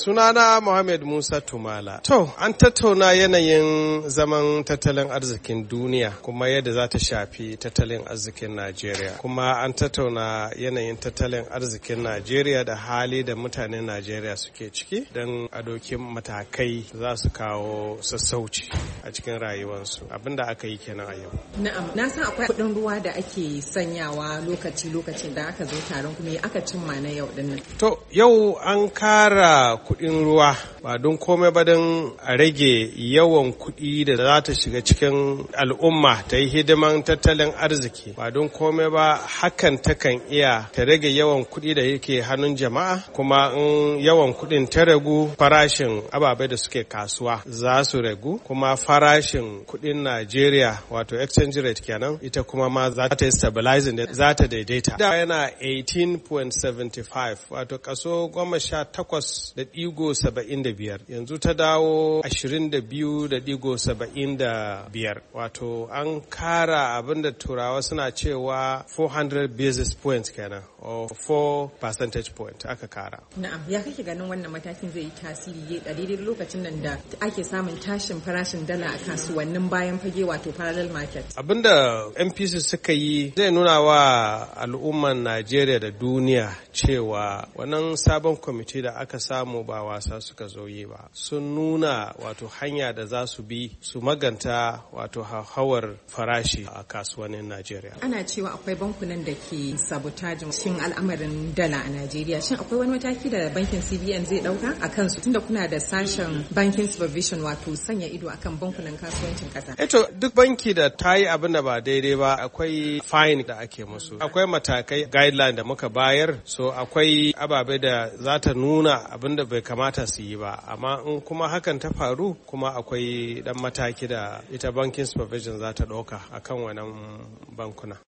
Sunana Mohammed Musa Tumala. To, an tattauna yanayin zaman tattalin arzikin duniya kuma yadda za ta shafi tattalin arzikin Najeriya. Kuma an tattauna yanayin tattalin arzikin Najeriya da hali da mutanen Najeriya suke ciki don a matakai za su kawo sassauci a cikin rayuwarsu. Abin da aka yi kenan a yau. Na'am, na san akwai kuɗin ruwa da ake sanyawa lokaci-lokacin da aka zo taron kuma aka cimma na yau dinnan. To, yau an kara kuɗin ruwa ba don komai ba don a rage yawan kuɗi da za ta shiga cikin al'umma ta yi hidiman tattalin arziki ba don komai ba hakan ta kan iya ta rage yawan kuɗi da yake hannun jama'a kuma in yawan kuɗin ta ragu farashin ababai da suke kasuwa za su ragu kuma farashin kuɗin Najeriya wato exchange rate kenan ita kuma ma za ta yi stabilizing da za ta daidaita da yana 18.75 wato kaso goma sha takwas da digo saba'in da biyar yanzu ta dawo ashirin da biyu da digo saba'in da biyar wato an kara abinda turawa suna cewa 400 basis points kenan or 4 percentage point aka kara na'am ya kake ganin wannan matakin zai yi tasiri ya daidai lokacin nan da ake samun tashin farashin dala a kasuwannin bayan fage wato parallel market abinda mpc suka yi zai nuna wa al'umman najeriya da duniya cewa wannan sabon kwamiti da aka samu ba wasa suka zo ba sun nuna wato hanya da za su bi su maganta wato hauhawar farashi a kasuwannin najeriya ana cewa akwai bankunan da ke sabotajin shin al'amarin dala a najeriya shin akwai wani mataki da bankin cbn zai dauka a kansu tunda kuna da sashen bankin supervision wato sanya ido akan bankunan kasuwancin kasa eto duk banki da ta yi abin da ba daidai ba akwai fine da ake musu akwai matakai guideline da muka bayar so akwai ababe da za ta nuna abin da bai bai kamata su yi ba amma in kuma hakan ta faru kuma akwai dan mataki da ita bankin supervision za ta ɗauka akan wannan bankuna